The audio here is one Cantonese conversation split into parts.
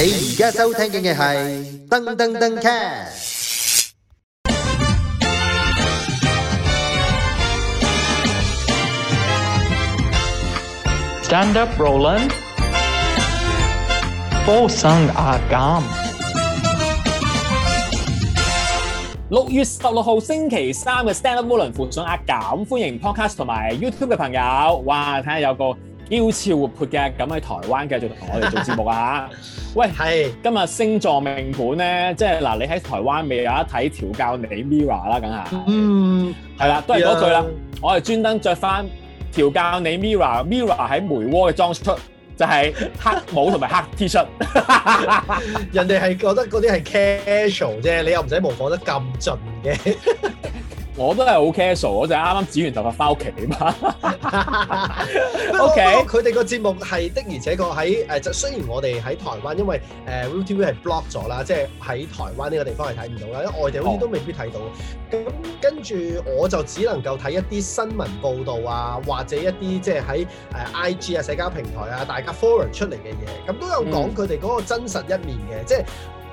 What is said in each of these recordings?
你而家收聽嘅嘢係噔噔噔 cast。Stand Up Roland，富商阿 Gam。六月十六號星期三嘅 Stand Up Roland 富商阿 Gam，歡迎 Podcast 同埋 YouTube 嘅朋友。哇，睇下有個嬌俏活潑嘅咁喺台灣繼續同我哋做節目啊吓！喂，係是今日星座命盤咧，即係嗱，你喺台灣未有一睇調教你 m i r r o r 啦，梗係，嗯，係啦，都係嗰句啦，嗯、我係專登着翻調教你 m i r r o r m i r r o r 喺梅窩嘅裝飾，就係、是、黑帽同埋黑 t 恤。 人哋係覺得嗰啲係 casual 啫，你又唔使模仿得咁盡嘅。 我都係好 casual，我就啱啱剪完頭髮翻屋企嘛。OK，佢哋個節目係的而且確喺誒，就雖然我哋喺台灣，因為誒 ViuTV 係 block 咗啦，即係喺台灣呢個地方係睇唔到啦，因為外地好似都未必睇到。咁跟住我就只能夠睇一啲新聞報導啊，或者一啲即係喺誒 IG 啊社交平台啊，大家 forward 出嚟嘅嘢，咁都有講佢哋嗰個真實一面嘅，mm hmm. 即係。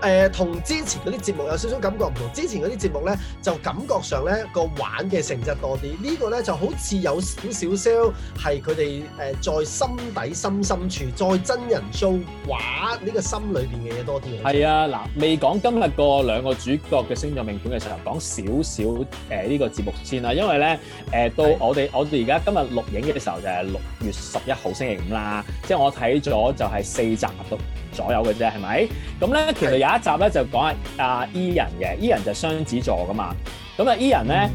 誒同、呃、之前嗰啲節目有少少感覺唔同，之前嗰啲節目咧就感覺上咧、這個玩嘅成績多啲，呢個咧就好似有少少聲係佢哋誒在心底深深處，在真人 show 畫呢、這個心裏邊嘅嘢多啲。係啊，嗱未講今日個兩個主角嘅星座命盤嘅時候，講少少誒呢個節目先啦，因為咧誒到我哋是、啊、我哋而家今日錄影嘅時候就係六月十一號星期五啦，即係我睇咗就係四集都。左右嘅啫，係咪？咁咧，其實有一集咧就講阿阿伊人嘅，伊人的就雙子座㗎嘛。咁啊，伊人咧，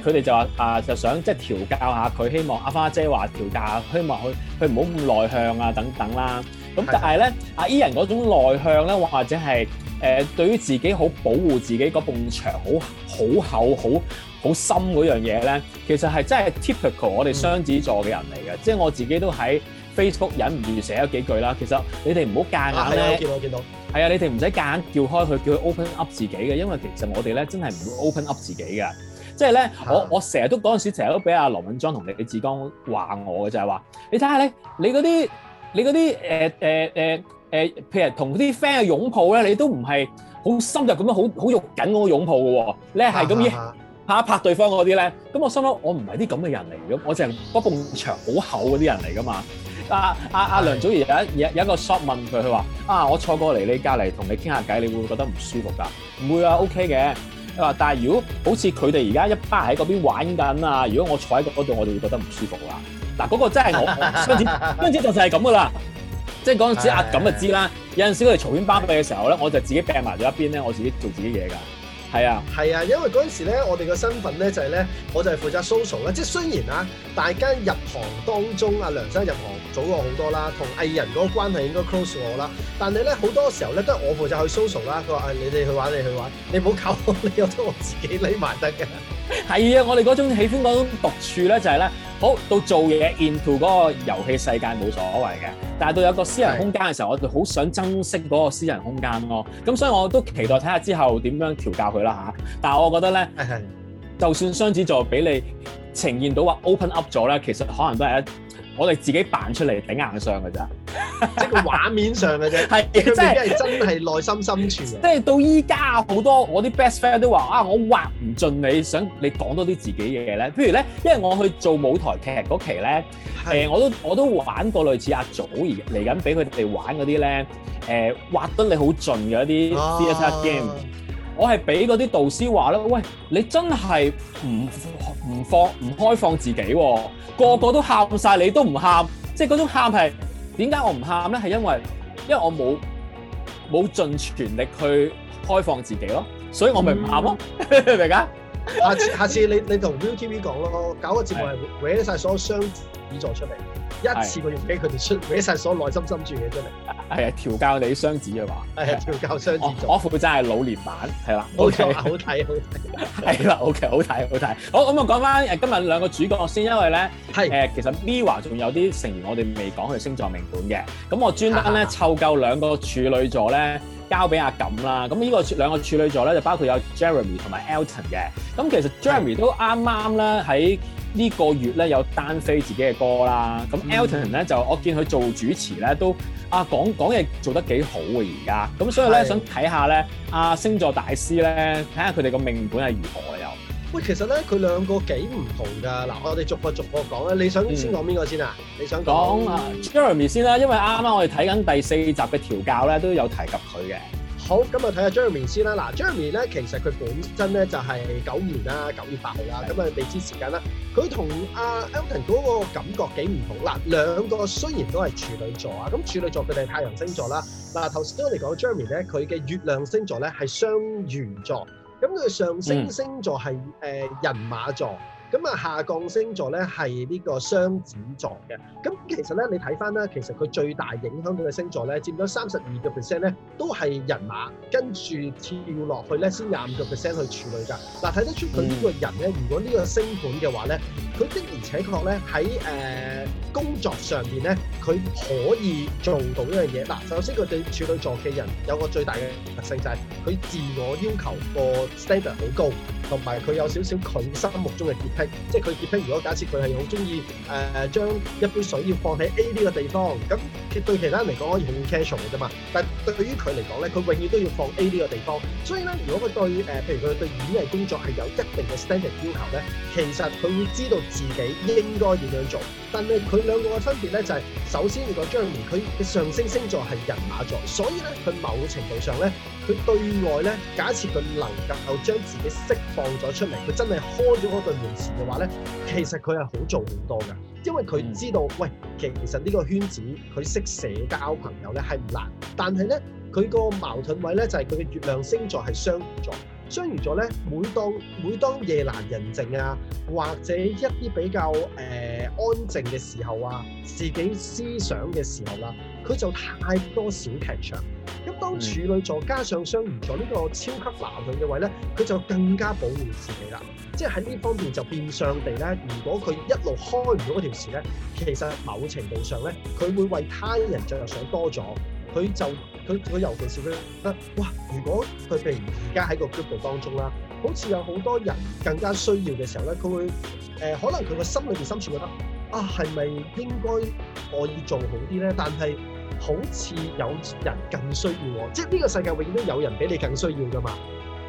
誒佢哋就話啊、呃，就想即係、就是、調教下佢，希望阿花姐話調教下，希望佢佢唔好咁內向啊等等啦。咁的但係咧，阿伊人嗰種內向咧，或者係誒、呃、對於自己好保護自己嗰埲牆，好好厚好，好深嗰樣嘢咧，其實係真係 typical 我哋雙子座嘅人嚟嘅。嗯、即係我自己都喺 Facebook 忍唔住寫咗幾句啦。其實你哋唔好夾硬咧，係、啊、見到我見到係啊，你哋唔使夾硬叫開佢，叫佢 open up 自己嘅，因為其實我哋咧真係唔會 open up 自己嘅。即係咧的，我我成日都嗰陣時成日都俾阿羅敏莊同李志剛話我嘅就係、是、話，你睇下咧，你嗰啲你嗰啲誒誒誒誒，譬如同嗰啲 friend 嘅擁抱咧，你都唔係好深入咁樣好好肉緊嗰個擁抱嘅喎，你係咁嘅。拍一拍對方嗰啲咧，咁我心諗我唔係啲咁嘅人嚟嘅，我成個牆好厚嗰啲人嚟㗎嘛。阿阿阿梁祖兒有一有一個 shop 問佢，佢話：啊，我坐過嚟你隔籬同你傾下偈，你會唔會覺得唔舒服㗎？唔會啊，OK 嘅。佢話：但係如果好似佢哋而家一巴喺嗰邊玩緊啊，如果我坐喺嗰度，我就會覺得唔舒服啦。嗱、啊，嗰、嗰個真係我，跟住就係咁㗎啦。即係嗰陣時阿錦、 啊、就知啦。有陣時佢哋嘈完巴閉嘅時候咧， 我就自己掟埋咗一邊咧，我自己做自己嘢㗎。係啊，係啊，因為嗰陣時咧，我哋個身份咧就係、是、咧，我就係負責 social 啦。即係雖然啊，大家入行當中，啊，梁生入行早過我好多啦，同藝人嗰個關係應該 close 我啦。但係咧，好多時候咧都係我負責去 social 啦。佢話：誒，你哋去玩，你去玩，你唔好靠我，你由得我自己匿埋得嘅。係啊，我哋嗰種喜歡嗰種獨處咧，就係、是、咧，好到做嘢 into 嗰個遊戲世界冇所謂嘅，但係到有個私人空間嘅時候，是的 我就好想珍惜嗰個私人空間咯、哦。咁所以我都期待睇下之後點樣調教佢啦吓。但係我覺得咧，是的 就算雙子座俾你呈現到話 open up 咗咧，其實可能都係一我哋自己扮出嚟頂硬上㗎咋。 即係畫面上嘅啫，係佢 真係真係內心深處。即係到依家好多我啲 best friend 都話啊，我畫唔盡你想你講多啲自己嘅嘢咧。譬如咧，因為我去做舞台劇嗰期咧，誒是、呃、我都我都玩過類似阿祖而嚟緊俾佢哋玩嗰啲咧，誒、呃、畫得你好盡嘅一啲 D S T game、啊。我係俾嗰啲導師話咧，喂，你真係唔唔放唔開放自己喎、啊，個個都喊晒，你都唔喊，即係嗰種喊係。點解我唔喊咧？係因為因為我冇冇盡全力去開放自己咯，所以我咪唔喊咯。明唔明啊？ 下次下次你你同 ViuTV 講咯，搞個節目嚟搲晒所有雙椅座出嚟，一次過用機佢哋出搲晒所有內心深處嘅嘢出嚟。係啊，調教你雙子嘅話，係啊，調教雙子座。我負責係老年版，係啦，冇錯，好睇好睇，係啦，好劇好睇好睇。好咁啊，好好我講翻誒今日兩個主角先，因為咧，係誒的其實 Mirror 仲有啲成員我哋未講佢星座命盤嘅，咁我專登咧湊夠兩個處女座咧，交俾阿錦啦。咁呢個兩個處女座咧就包括有 Jeremy 同埋 Alton 嘅。咁其實 Jeremy 的都啱啱咧喺呢個月咧有單飛自己嘅歌啦。咁 Alton 咧就我見佢做主持咧都。啊，講講嘢做得幾好嘅而家，咁所以咧的想睇下咧，阿、啊、星座大師咧，睇下佢哋個命盤係如何嘅又。喂，其實咧佢兩個幾唔同㗎，嗱、啊、我哋逐個逐個講咧，你想先講邊個先啊？嗯、你想講說、嗯啊、Jeremy 先啦、啊，因為啱啱我哋睇緊第四集嘅調教咧都有提及佢嘅。好，咁啊睇下 Jeremy 先啦，嗱 Jeremy 咧，其實佢本身咧就係九年啦、啊，九月八號、啊、啦，咁、嗯、啊未知時間啦、啊，佢同阿、啊、Alton 嗰個感覺幾唔同啦，兩個雖然都係處女座啊，咁處女座佢哋係太陽星座啦，嗱頭先我哋講 Jeremy 咧，佢嘅月亮星座咧係雙魚座，咁佢上升星，星座係誒、呃、人馬座。咁啊，下降星座咧係呢個雙子座嘅。咁其實咧，你睇翻啦，其實佢最大影響到嘅星座咧，佔咗三十二個 percent 咧，都係人馬跟住跳落去咧，先廿五個 percent 去處女噶。嗱，睇得出佢呢個人咧，如果個星呢個星盤嘅話咧，佢的而且確咧喺誒工作上邊咧。佢可以做到一樣嘢嗱，首先佢對處女座嘅人有個最大嘅特性就係佢自我要求個 standard 好高，同埋佢有少少佢心目中嘅潔癖。即係佢潔癖，如果假設佢係好中意誒將一杯水要放喺 A 呢個地方，咁其對其他人嚟講可以用 casual 嘅啫嘛，但係對於佢嚟講咧，佢永遠都要放 A 呢個地方。所以咧，如果佢對誒、呃、譬如佢對演藝工作係有一定嘅 standard 要求咧，其實佢會知道自己應該點樣做，但係佢兩個嘅分別咧就係、是。首先，個張炎佢嘅上升星座係人馬座，所以咧佢某程度上咧，佢對外咧，假設佢能夠將自己釋放咗出嚟，佢真係開咗嗰對門時嘅話咧，其實佢係好做好多㗎，因為佢知道，喂，其實呢個圈子佢識社交朋友咧係唔難，但係咧佢個矛盾位咧就係佢嘅月亮星座係雙魚座。雙魚座咧，每當每當夜闌人靜啊，或者一啲比較誒、呃、安靜嘅時候啊，自己思想嘅時候啦、啊，佢就太多小劇場。咁、啊、當處女座加上雙魚座呢個超級男女嘅位咧，佢就更加保護自己啦。即係喺呢方面就變相地咧，如果佢一路開唔到嗰條線咧，其實某程度上咧，佢會為他人著想多咗，佢就。佢佢尤其是佢，嗱，哇！如果佢譬如而家喺個 group 當中啦，好似有好多人更加需要嘅時候咧，佢會誒、呃，可能佢個心裏邊深處覺得啊，係咪應該我要做好啲咧？但係好似有人更需要喎，即係呢個世界永遠都有人比你更需要㗎嘛！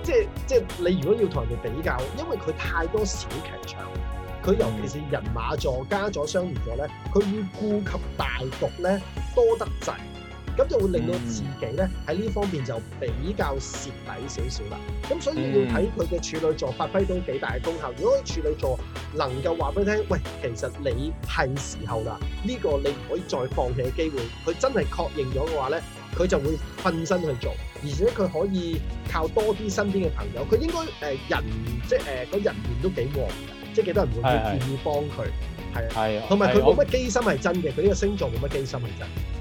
即係即係你如果要同人哋比較，因為佢太多小劇場，佢尤其是人馬座加咗雙魚座咧，佢要顧及大局咧多得滯。咁就會令到自己咧喺呢方面就比較蝕底少少啦。咁所以要睇佢嘅處女座發揮到幾大嘅功效。如果處女座能夠話俾你聽，喂，其實你係時候啦，呢個你可以再放棄嘅機會。佢真係確認咗嘅話咧，佢就會瞓身去做，而且佢可以靠多啲身邊嘅朋友。佢應該誒人，即係誒個人緣都幾旺，即係幾多人會願意幫佢。係啊，同埋佢冇乜機心係真嘅，佢呢個星座冇乜機心係真。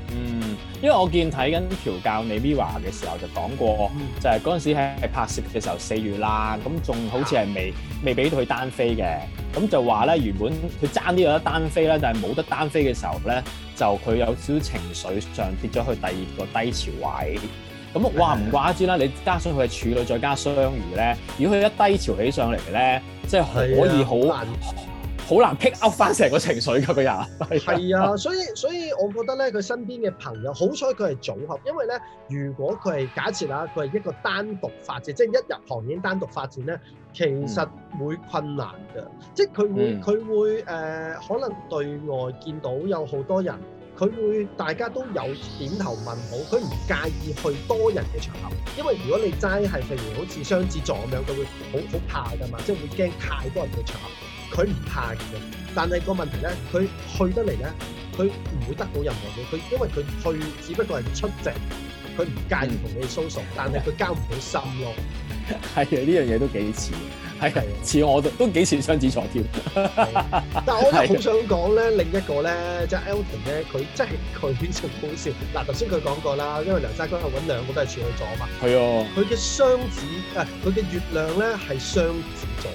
因為我見睇緊調教你 Mirror 嘅時候就講過，就係嗰陣時喺拍攝嘅時候四月啦，咁仲好似係未未俾佢單飛嘅，咁就話咧原本佢爭啲有得單飛咧，但係冇得單飛嘅時候咧，就佢有少少情緒上跌咗去第二個低潮位，咁話唔怪之啦，你加上佢嘅處女再加雙魚咧，如果佢一低潮起上嚟咧，即係可以好。好難 pick up 翻成個情緒㗎，個人係啊，所以所以我覺得咧，佢身邊嘅朋友好彩佢係組合，因為咧，如果佢係假設啦，佢係一個單獨發展，即係一入行已經單獨發展咧，其實會困難㗎，嗯、即係佢會佢、嗯、會誒、呃，可能對外見到有好多人，佢會大家都有點頭問好，佢唔介意去多人嘅場合，因為如果你齋係譬如好似雙子座咁樣，佢會好好怕㗎嘛，即係會驚太多人嘅場合。佢唔怕嘅，但係個問題咧，佢去得嚟咧，佢唔會得到任何嘢。佢因為佢去，只不過係出席，佢唔介意同你 social，嗯、但係佢交唔到心咯。係啊、嗯，呢樣嘢都幾似，係啊的，似我都都幾似雙子座添。但係我都好想講咧，的另一個咧、就是，即係 Alton 咧，佢真係佢好笑。嗱、啊，頭先佢講過啦，因為梁家輝係揾兩個都係處女座啊嘛。係的啊。佢嘅雙子啊，佢嘅月亮咧係雙子座。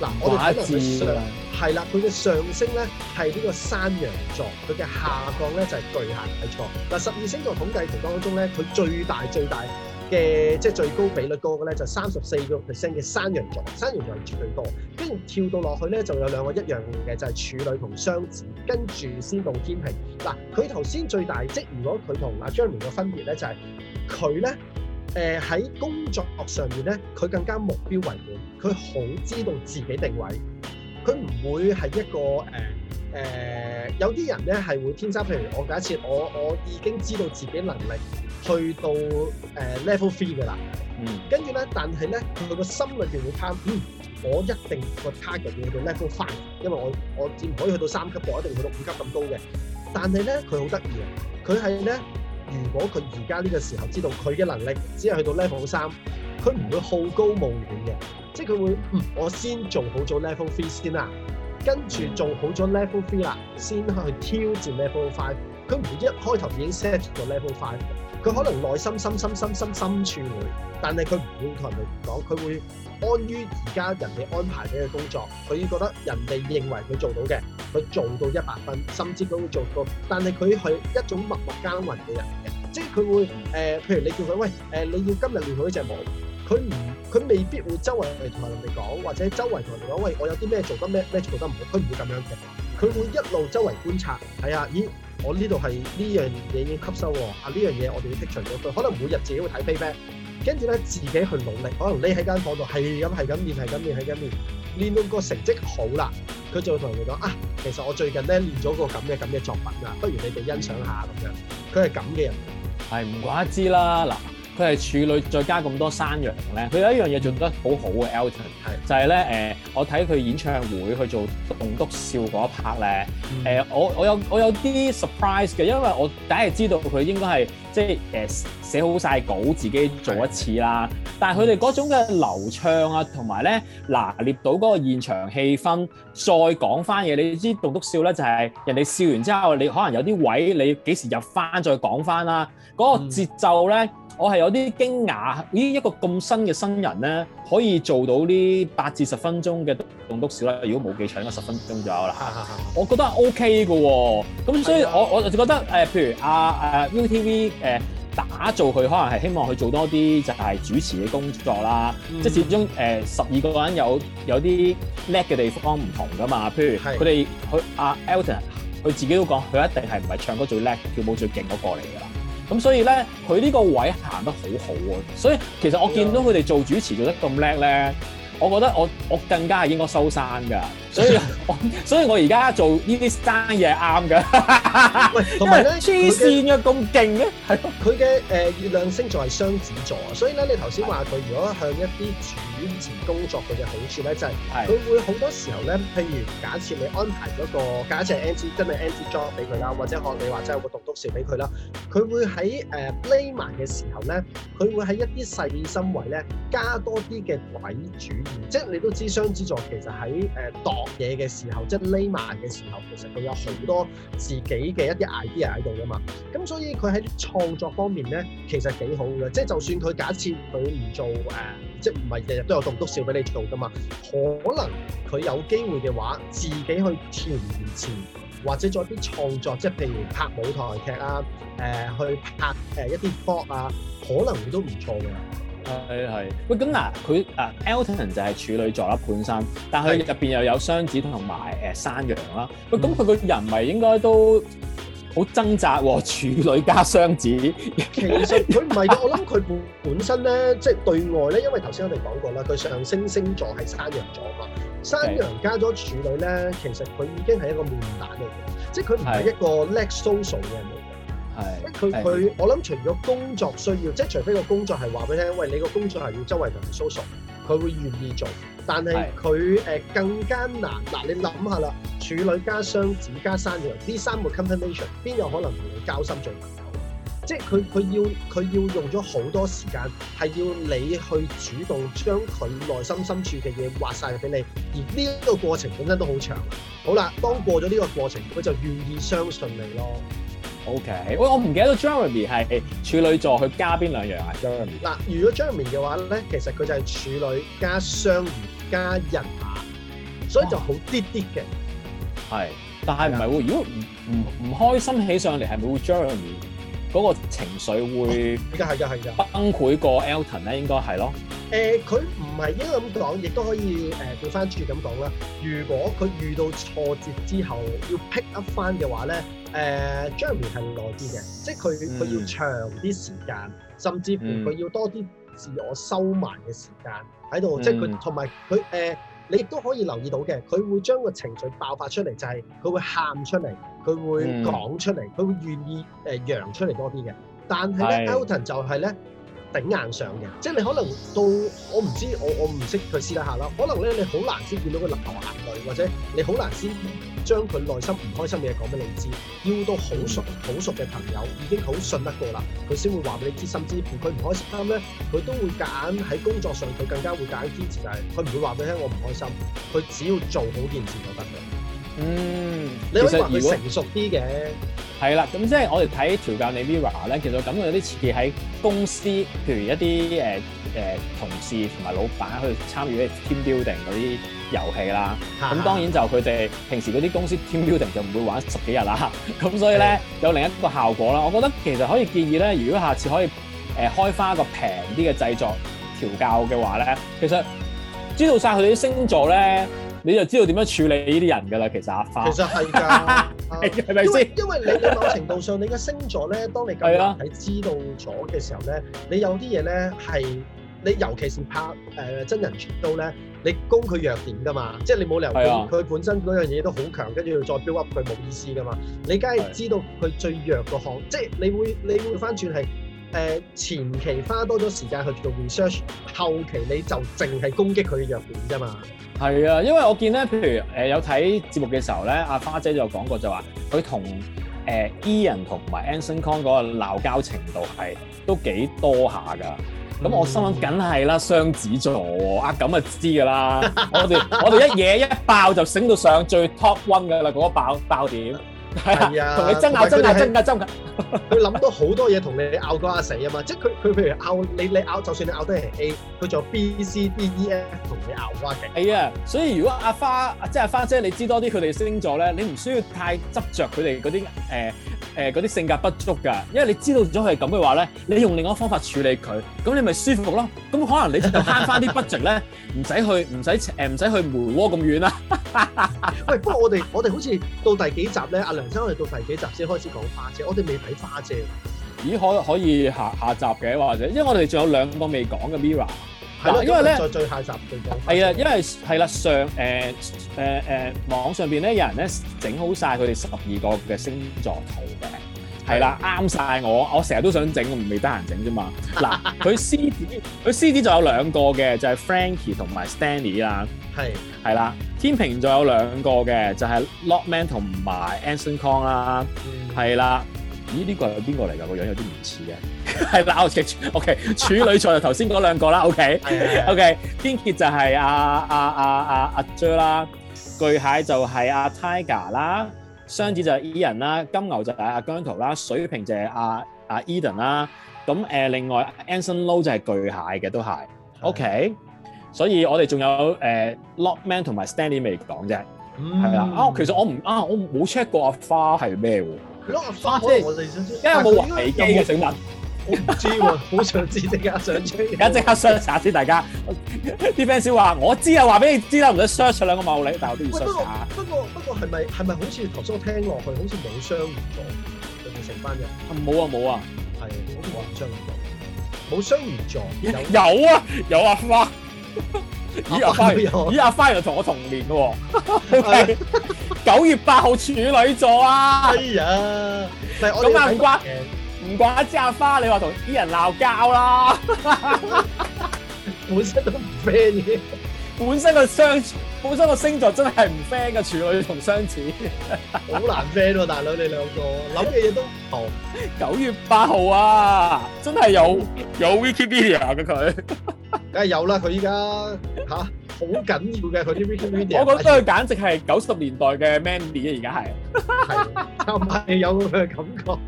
嗱、啊，我哋睇落佢上，係啦塞，佢嘅上升咧係呢個山羊座，佢嘅下降咧就係巨蟹座。嗱，十、啊、二星座統計圖當中咧，佢最大最大嘅即係最高比率高嘅咧就三十四個 percent 嘅山羊座，山羊座係絕對多。跟住跳到落去咧，就有兩個一樣嘅就係、是、處女同雙子，跟住先到天平。嗱、啊，佢頭先最大即係如果佢同阿張明嘅分別咧就係佢咧。誒喺、呃、工作學上面咧，佢更加目標為本，佢好知道自己定位，佢唔會係一個誒誒、呃呃、有啲人咧係會天生，譬如我假設我我已經知道自己能力去到誒、呃、level three 嘅啦，嗯，跟住咧，但係咧佢個心裏面會貪，嗯，我一定個 target 要到 level five，因為我我只唔可以去到三級嘅，我一定去到五級咁高嘅，但係咧佢好得意啊，佢係咧。如果佢而家呢個時候知道佢嘅能力只係去到 level 三，佢唔會好高騖遠嘅，即係佢會、嗯，我先做好咗 level three 先啦，跟住做好咗 level three 啦，先去挑戰 level five。佢唔會一開頭已經 set 咗 level five，佢可能內心深深深深深深深處會，但係佢唔會同人哋講，佢會。安於而家人哋安排俾嘅工作，佢已覺得人哋認為佢做到嘅，佢做到一百分，甚至佢會做到。但係佢係一種默默耕耘嘅人，即係佢會誒、呃，譬如你叫佢喂誒，「你要今日練好呢隻舞」，佢唔佢未必會周圍同人哋講，或者周圍同人哋講喂，我有啲咩做得咩咩做得唔好，佢唔會咁樣嘅。佢會一路周圍觀察，係啊，咦，我呢度係呢樣嘢要吸收喎，啊，呢樣嘢我哋要剔除咗佢，可能每日自己會睇 payback 跟住咧，自己去努力，可能匿喺間房度，係咁係咁練，係咁練，係咁練，練到個成績好啦。佢就會同人哋講：啊，其實我最近咧練咗個咁嘅咁嘅作品啊，不如你哋欣賞下咁樣。佢係咁嘅人，係唔、哎、怪得之啦。嗱。佢係處女，再加咁多山羊咧。佢有一樣嘢做得好好嘅，Alton 係就係咧。誒、呃，我睇佢演唱會去做棟篤笑嗰一 part 咧。誒、嗯呃，我我有我有啲 surprise 嘅，因為我第一係知道佢應該係即係誒、呃、寫好晒稿自己做一次啦。是但係佢哋嗰種嘅流暢啊，同埋咧嗱捏到嗰個現場氣氛，再講翻嘢。你知棟篤笑咧就係、是、人哋笑完之後，你可能有啲位你幾時入翻再講翻啦、啊。嗰、嗯、個節奏咧。我係有啲驚訝，呢一個咁新嘅新人咧，可以做到呢八至十分鐘嘅棟篤笑啦。如果冇記錯，應該十分鐘左右啦。我覺得 OK 嘅喎，咁所以我我就覺得誒，譬如啊誒 ViuTV 誒、呃、打造佢，可能係希望佢做多啲就係主持嘅工作啦。 即係始終誒十二個人有有啲叻嘅地方唔同噶嘛。譬如佢哋佢阿 Alton 佢自己都講，佢一定係唔係唱歌最叻、跳舞最勁嗰個嚟㗎啦。咁所以咧，佢呢個位行得好好喎。所以其實我見到佢哋做主持做得咁叻咧。我覺得我我更加係應該收山㗎，所以我所以我而家做呢啲生嘢係啱㗎，同埋黐線咁勁嘅，係咯，佢嘅誒月亮星座係雙子座，所以咧你頭先話佢如果向一啲主持工作佢嘅好處咧，就係佢會好多時候咧，譬如假設你安排嗰個假設係 N G 真係 N G job 俾佢啦，或者學你話齋有個棟篤笑俾佢啦，佢會喺誒孏埋嘅時候咧，佢會喺一啲細心位咧加多啲嘅鬼主。嗯、即係你都知雙，雙子座其實喺誒度嘢嘅時候，即係匿埋嘅時候，其實佢有好多自己嘅一啲 idea 喺度噶嘛。咁所以佢喺創作方面咧，其實幾好嘅。即係就算佢假設佢唔做誒、呃，即係唔係日日都有棟篤笑俾你做噶嘛，可能佢有機會嘅話，自己去填詞或者做一啲創作，即係譬如拍舞台劇啊，誒、呃、去拍誒、呃、一啲 book 啊，可能都唔錯嘅。係係，喂，咁嗱，佢啊 Alton 就係處女座啦本身，但佢入邊又有雙子同埋誒山羊啦。喂，咁佢個人咪應該都好掙扎喎，處女加雙子。其實佢唔係，我諗佢本本身咧，即係對外咧，因為頭先我哋講過啦，佢上升星座係山羊座嘛，山羊加咗處女咧，其實佢已經係一個悶蛋嚟嘅，即係佢唔係一個叻 social 嘅人。係，佢佢我諗除咗工作需要，即係除非個工作係話俾你聽，喂，你個工作係要周圍同人 search，佢會願意做，但係佢誒更加難。嗱、啊，你諗下啦，處女加雙子加山羊呢三個 combination，邊有可能同你交心做朋友？即係佢佢要佢要用咗好多時間，係要你去主動將佢內心深處嘅嘢挖晒俾你，而呢一個過程本身都好長。好啦，當過咗呢個過程，佢就願意相信你咯。O、okay. K，喂，我唔記得到 Jeremy 係處女座，佢加邊兩樣啊？Jeremy 嗱，如果 Jeremy 嘅話咧，其實佢就係處女加雙魚加人馬，所以就好啲啲嘅。係、哦，但係唔係喎？的如果唔唔唔開心起上嚟，係咪會 Jeremy 嗰個情緒會？依家係㗎，係㗎，崩潰過 Alton 咧，應該係咯。誒、呃，佢唔係應該咁講，亦都可以誒調翻轉咁講啦。如果佢遇到挫折之後要 pick up 翻嘅話咧。誒、uh,，Jeremy 係耐啲嘅，即係佢佢要長啲時間，甚至乎佢、mm hmm. 要多啲自我收埋嘅時間喺度，mm hmm. 即係佢同埋佢誒，uh, 你亦都可以留意到嘅，佢會將個情緒爆發出嚟，就係、是、佢會喊出嚟，佢會講出嚟，佢、mm hmm. 會願意誒揚、uh, 出嚟多啲嘅，但係咧，Alton 就係咧。頂硬上嘅，即係你可能到我唔知，我我唔識佢私底下啦。可能咧你好難先見到佢流眼淚，或者你好難先將佢內心唔開心嘅嘢講俾你知。要到好熟好熟嘅朋友，已經好信得過啦，佢先會話俾你知。甚至乎佢唔開心咧，佢都會夾硬喺工作上，佢更加會夾硬堅持就係，佢唔會話俾你聽我唔開心。佢只要做好件事就得嘅。嗯，其實如果成熟啲嘅係啦，咁即係我哋睇調教你 Mirror 咧，其實感覺有啲似喺公司，譬如一啲誒誒同事同埋老闆去參與 team building 嗰啲遊戲啦。咁是當然就佢哋平時嗰啲公司 team building 就唔會玩十幾日啦。咁所以咧的有另一個效果啦。我覺得其實可以建議咧，如果下次可以誒開返一個平啲嘅製作調教嘅話咧，其實知道晒佢啲星座咧。你就知道點樣處理呢啲人㗎啦，其實阿花。其實係㗎，係咪先？因為你，你某程度上，你嘅星座咧，當你係知道咗嘅時候咧，的你有啲嘢咧係，你尤其是拍誒、呃、真人傳道咧，你攻佢弱點㗎嘛，即係你冇理由佢的本身嗰樣嘢都好強，跟住再 build up 佢冇意思㗎嘛。你梗係知道佢最弱個項，的即係你會你會，你會翻轉係。誒前期花多咗時間去做 research，後期你就淨係攻擊佢弱點啫嘛。係啊，因為我見咧，譬如誒、呃、有睇節目嘅時候咧，阿、啊、花姐就有講過就話，佢同誒 Ian 同埋 Anson Kong 嗰個鬧交程度係都幾多下㗎。咁我心諗梗係啦，雙子座、嗯、啊，咁啊知㗎啦。 我哋我哋一嘢一爆就醒到上最 top one 嘅啦，嗰、那、一、個、爆爆點。係啊，同你爭下爭下爭下爭下，佢諗到好多嘢同你拗過阿死啊嘛！即係佢佢譬如拗你你拗，就算你拗得係 A，佢仲有 B、C、D、E、F 同你拗翻極。係啊，所以如果阿花即係阿花姐，你知多啲佢哋星座咧，你唔需要太執着佢哋嗰啲誒。誒嗰啲性格不足㗎，因為你知道咗佢係咁嘅話咧，你用另一個方法處理佢，咁你咪舒服咯。咁可能你就慳翻啲 budget 咧，唔使去，唔使誒，唔使去梅窩咁遠啦。喂，不過我哋我哋好似到第幾集咧？阿梁生，我哋到第幾集先開始講花姐，我哋未睇花姐。咦？可可以下下集嘅或者，因為我哋仲有兩個未講嘅 Mirror。嗱，因為咧，再最下集最講。係啊，因為係啦，為上誒誒誒網上邊咧，有人咧整好晒佢哋十二個嘅星座圖嘅。係啦的，啱晒我，我成日都想整，唔未得閒整啫嘛。嗱、 啊，佢獅子，佢獅子就有兩個嘅，就係、是、Frankie 同埋 Stanley 啦的。係，係啦。天秤座有兩個嘅，就係、是、Lockman 同埋 Anson Kong 啦。係啦。咦，呢個係邊個嚟㗎？個樣有啲唔似嘅。係啦，我知。O K，處女座就頭先嗰兩個啦。O K，O K，天蠍就係阿阿阿阿阿 Jer 啦，巨蟹就係阿 Tiger 啦，雙子就係 Ian 啦，金牛就係阿姜濤啦，水瓶就係阿阿 Eden 啦。咁、啊、誒，啊、另外 Anson Lo 就係巨蟹嘅都係。O K，所以我哋仲有誒 Lokman 同埋 Stanley 未講啫。係啊， 啊、哦、其實我唔啊我冇 check 過，過阿 Far 係咩喎。因為冇滑皮機嘅成分，我唔知喎，好想知即刻上車，而家即刻 search 先，大家啲 fans 話我知啊，話俾你知啦，唔使 search 兩個物理，但係我都要 search 下。不過不過不過係咪係咪好似頭先我聽落去好似冇雙魚座，有冇成班嘅？冇啊冇啊，係好誇張嘅，冇雙魚座，有有啊有啊花。咦，阿、啊、花，咦，阿花又同我同年喎、啊，九月八號處女座啊！哎呀，咁唔關，唔關、啊，只阿花你話同啲人鬧交啦，本身都唔 friend 嘅，本身個相，本身個星座真係唔 friend 嘅，處女同雙子，好難 friend 喎、啊、大佬，你兩個諗嘅嘢都唔同，九月八號啊，真係有有 Wikipedia 嘅佢。梗係有啦，佢依家吓，好緊 要嘅，佢啲 video，我覺得佢簡直係九十年代嘅 Manny 啊，而家係，係， 有佢嘅感覺。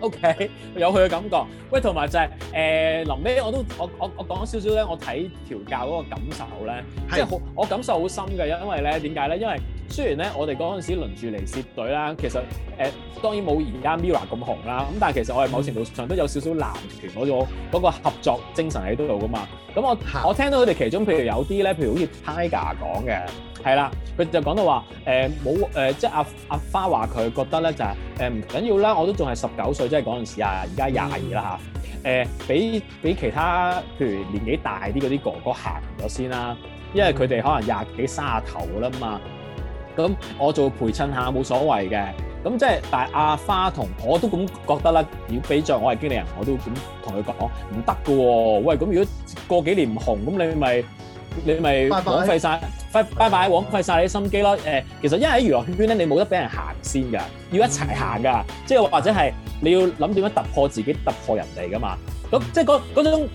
OK，有佢嘅感覺。喂，同埋就係誒臨尾，我都我我我講少少咧，我睇調教嗰個感受咧，即係好，我感受好深嘅，因為咧點解咧？因為雖然咧，我哋嗰陣時輪住嚟攝隊啦，其實誒、呃、當然冇而家 Mirror 咁紅啦，咁但係其實我係某程度上都有少少男團嗰個嗰個合作精神喺度㗎嘛。咁我行我聽到佢哋其中，譬如有啲咧，譬如好似 Tiger 講嘅，係啦，佢就講到話誒冇誒，即係阿阿花話佢覺得咧就係誒唔緊要啦，我都仲係十九歲，即係嗰陣時啊，而家廿二啦吓，誒、嗯呃，比比其他譬如年紀大啲嗰啲哥哥行咗先啦，因為佢哋可能廿幾三十頭㗎啦嘛。咁我做陪襯下冇所謂嘅，咁即係但係阿花同我都咁覺得啦。如果俾着我係經理人，我都咁同佢講唔得㗎喎。喂，咁如果過幾年唔紅，咁你咪你咪枉費晒快拜拜枉費晒你啲心機咯。誒、呃，其實因為喺娛樂圈圈咧，你冇得俾人行先㗎，要一齊行㗎，即係、嗯、或者係你要諗點樣突破自己、突破人哋㗎嘛。咁即係嗰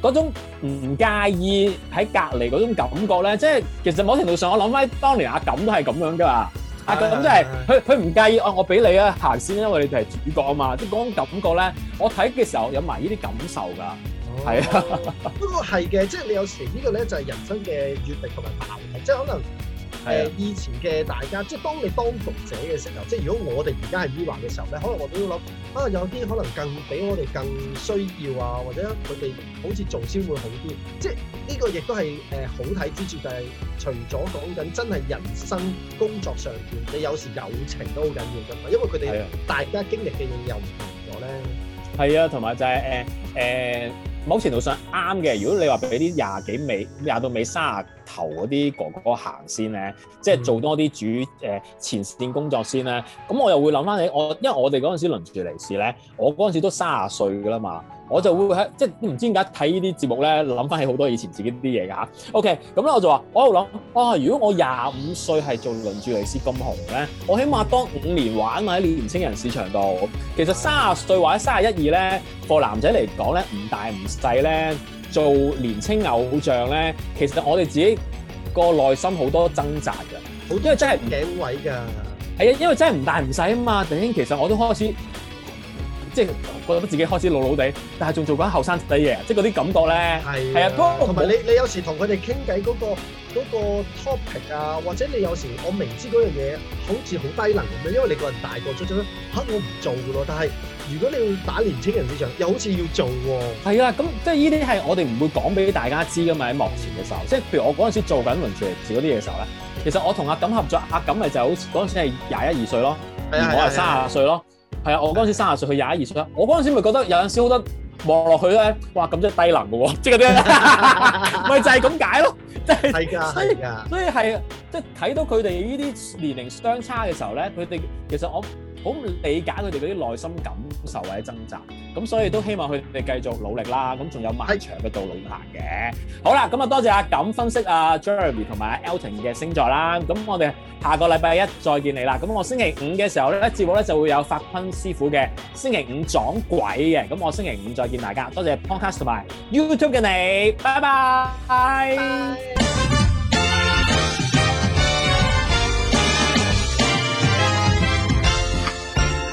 嗰種唔介意喺隔離嗰種感覺咧，即係其實某程度上我諗翻當年阿錦都係咁樣噶，的阿錦即係佢佢唔介意啊、哦，我俾你啊行先，因為你哋係主角啊嘛，即係嗰種感覺咧，我睇嘅時候有埋呢啲感受㗎，係啊、哦，不過係嘅，即係你有時個呢個咧就係、是、人生嘅閲歷同埋大嘅，即、就、係、是、可能。誒以前嘅大家，即係當你當讀者嘅時候，即係如果我哋而家係 Viva 嘅時候咧，可能我都要諗，可能有啲可能更比我哋更需要啊，或者佢哋好似做先會好啲。即係呢個亦都係誒好睇之處，就係除咗講緊真係人生工作上邊，你有時友情都好緊要㗎嘛。因為佢哋大家經歷嘅嘢又唔同咗咧。係啊，同埋就係誒誒。欸欸某程度上啱嘅，如果你話俾啲廿幾尾、廿到尾、三十頭嗰啲哥哥先行先咧，嗯、即係做多啲主誒、呃、前線工作先咧，咁我又會諗翻起我，因為我哋嗰陣時輪住嚟試咧，我嗰陣時都三十歲㗎啦嘛。我就會喺即係唔知點解睇呢啲節目咧，諗翻起好多以前自己啲嘢㗎嚇。OK，咁咧我就話，我喺度諗啊，如果我廿五歲係做雷住雷斯咁紅咧，我起碼當五年玩埋喺年青人市場度。其實卅歲或者卅一二咧，個男仔嚟講咧，唔大唔細咧，做年青偶像咧，其實我哋自己個內心好多掙扎㗎，好多真係頸位㗎。係啊，因為真係嗯、唔大唔細啊嘛。頂興其實我都開始。即係覺得自己開始老老地，但係仲做緊後生仔嘢，即係嗰啲感覺咧。係啊，同埋、啊、你你有時同佢哋傾偈嗰個嗰個 topic 啊，或者你有時我明知嗰樣嘢好似好低能咁樣，因為你個人大個咗咗啦，嚇我唔做嘅咯。但係如果你要打年青人嘅人，又好似要做喎。係啊，咁即係呢啲係我哋唔會講俾大家知噶嘛。喺幕前嘅時候，即、就、係、是、譬如我嗰陣時做緊輪船嗰啲嘢嘅時候咧，其實我同阿錦合作，阿錦咪就好似嗰陣時係廿一二歲咯，我係卅啊歲咯。係啊，我嗰陣時三十歲，佢廿一二歲。我嗰陣時咪覺得有陣時好多望落去咧，哇！咁即係低能嘅喎，即係嗰啲，咪就係、是、咁解咯。即、就、係、是、所以係即係睇到佢哋依啲年齡相差嘅時候呢，佢哋其實我。好理解佢哋嗰啲內心感受或者掙扎，咁所以都希望佢哋繼續努力啦。咁仲有漫長嘅道路要行嘅。好啦，咁啊多謝阿錦分析阿 Jeremy 同埋阿 Alton 嘅星座啦。咁我哋下個禮拜一再見你啦。咁我星期五嘅時候咧，節目咧就會有法坤師傅嘅星期五撞鬼嘅。咁我星期五再見大家。多謝 Podcast 同埋 YouTube 嘅你，拜拜，拜。